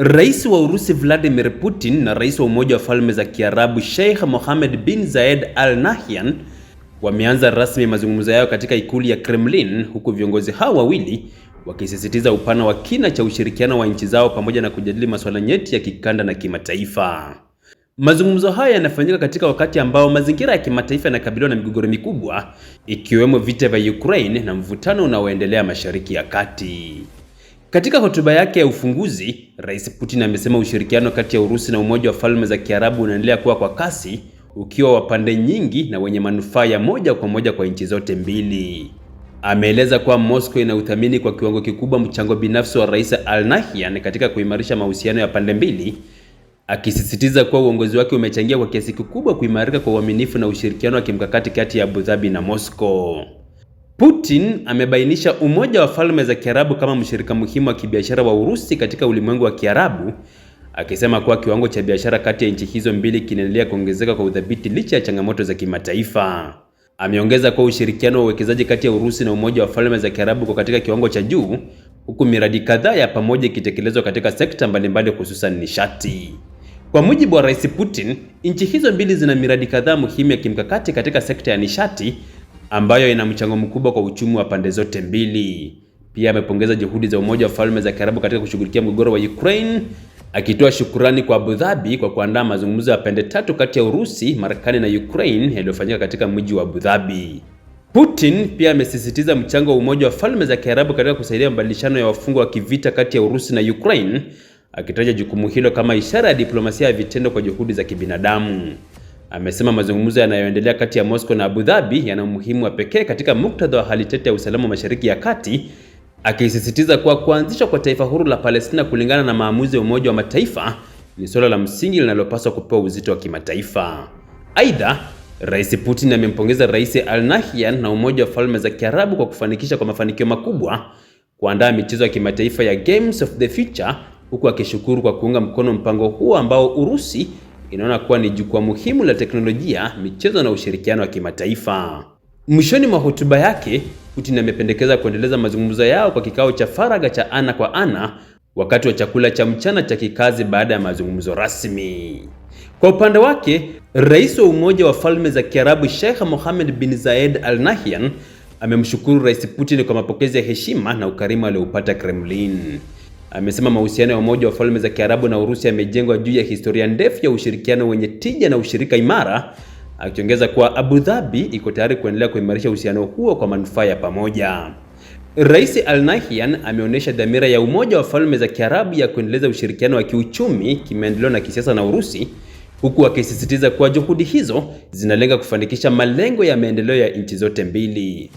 Rais wa Urusi Vladimir Putin na Rais wa Umoja wa Falme za Kiarabu Sheikh Mohammed bin Zayed Al Nahyan wameanza rasmi mazungumzo yao katika ikulu ya Kremlin huku viongozi hao wawili wakisisitiza upana wa kina cha ushirikiano wa nchi zao pamoja na kujadili masuala nyeti ya kikanda na kimataifa. Mazungumzo haya yanafanyika katika wakati ambao mazingira ya kimataifa yanakabiliwa na migogoro mikubwa ikiwemo vita vya Ukraine na mvutano unaoendelea Mashariki ya Kati. Katika hotuba yake ya ufunguzi, Rais Putin amesema ushirikiano kati ya Urusi na Umoja wa Falme za Kiarabu unaendelea kuwa kwa kasi, ukiwa wa pande nyingi na wenye manufaa ya moja kwa moja kwa nchi zote mbili. Ameeleza kuwa Moscow inauthamini kwa kiwango kikubwa mchango binafsi wa Rais Al-Nahyan katika kuimarisha mahusiano ya pande mbili, akisisitiza kuwa uongozi wake umechangia kwa kiasi kikubwa kuimarika kwa uaminifu na ushirikiano wa kimkakati kati ya Abu Dhabi na Moscow. Putin amebainisha Umoja wa Falme za Kiarabu kama mshirika muhimu wa kibiashara wa Urusi katika ulimwengu wa Kiarabu, akisema kuwa kiwango cha biashara kati ya nchi hizo mbili kinaendelea kuongezeka kwa udhabiti licha ya changamoto za kimataifa. Ameongeza kuwa ushirikiano wa uwekezaji kati ya Urusi na Umoja wa Falme za Kiarabu uko katika kiwango cha juu, huku miradi kadhaa ya pamoja ikitekelezwa katika sekta mbalimbali, hususan nishati. Kwa mujibu wa Rais Putin, nchi hizo mbili zina miradi kadhaa muhimu ya kimkakati katika sekta ya nishati ambayo ina mchango mkubwa kwa uchumi wa pande zote mbili. Pia amepongeza juhudi za Umoja wa Falme za Kiarabu katika kushughulikia mgogoro wa Ukraine, akitoa shukurani kwa Abu Dhabi kwa kuandaa mazungumzo ya pande tatu kati ya Urusi, Marekani na Ukraine yaliyofanyika katika mji wa Abu Dhabi. Putin pia amesisitiza mchango wa Umoja wa Falme za Kiarabu katika kusaidia mabadilishano ya wafungwa wa kivita kati ya Urusi na Ukraine, akitaja jukumu hilo kama ishara ya diplomasia ya vitendo kwa juhudi za kibinadamu amesema mazungumzo yanayoendelea kati ya Moscow na Abu Dhabi yana umuhimu wa pekee katika muktadha wa hali tete ya usalama Mashariki ya Kati, akisisitiza kuwa kuanzishwa kwa taifa huru la Palestina kulingana na maamuzi ya Umoja wa Mataifa ni suala la msingi linalopaswa kupewa uzito wa kimataifa. Aidha, Rais Putin amempongeza Rais Al Nahyan na Umoja wa Falme za Kiarabu kwa kufanikisha kwa mafanikio makubwa kuandaa michezo ya kimataifa ya Games of the Future, huku akishukuru kwa kuunga mkono mpango huo ambao Urusi inaona kuwa ni jukwaa muhimu la teknolojia, michezo na ushirikiano wa kimataifa. Mwishoni mwa hotuba yake, Putin amependekeza kuendeleza mazungumzo yao kwa kikao cha faragha cha ana kwa ana wakati wa chakula cha mchana cha kikazi baada ya mazungumzo rasmi. Kwa upande wake, Rais wa Umoja wa Falme za Kiarabu Sheikh Mohammed bin Zayed Al Nahyan amemshukuru Rais Putin kwa mapokezi ya heshima na ukarimu aliyoupata Kremlin. Amesema mahusiano ya Umoja wa Falme za Kiarabu na Urusi yamejengwa juu ya historia ndefu ya ushirikiano wenye tija na ushirika imara, akiongeza kuwa Abu Dhabi iko tayari kuendelea kuimarisha uhusiano huo kwa manufaa ya pamoja. Rais Al Nahyan ameonyesha dhamira ya Umoja wa Falme za Kiarabu ya kuendeleza ushirikiano wa kiuchumi, kimaendeleo na kisiasa na Urusi, huku akisisitiza kuwa juhudi hizo zinalenga kufanikisha malengo ya maendeleo ya nchi zote mbili.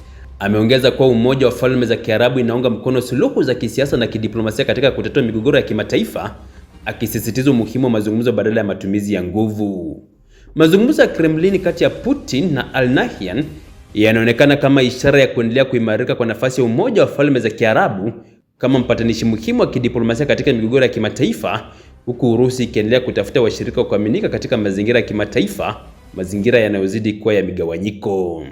Ameongeza kuwa Umoja wa Falme za Kiarabu inaunga mkono suluhu za kisiasa na kidiplomasia katika kutatua migogoro ya kimataifa, akisisitiza umuhimu wa mazungumzo badala ya matumizi ya nguvu. Mazungumzo ya Kremlin kati ya Putin na Al-Nahyan yanaonekana kama ishara ya kuendelea kuimarika kwa nafasi ya Umoja wa Falme za Kiarabu kama mpatanishi muhimu wa kidiplomasia katika migogoro ya kimataifa, huku Urusi ikiendelea kutafuta washirika wa kuaminika katika mazingira ya kimataifa, mazingira yanayozidi kuwa ya migawanyiko.